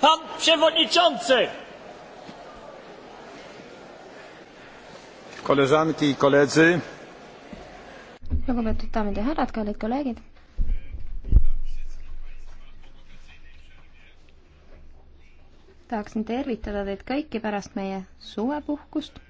Pan Przewodniczący! Koleżanki i koledzy. Lugupeetud daamid ja härrad, kallid kolleegid. tahaksin tervitada teid kõiki pärast meie suvepuhkust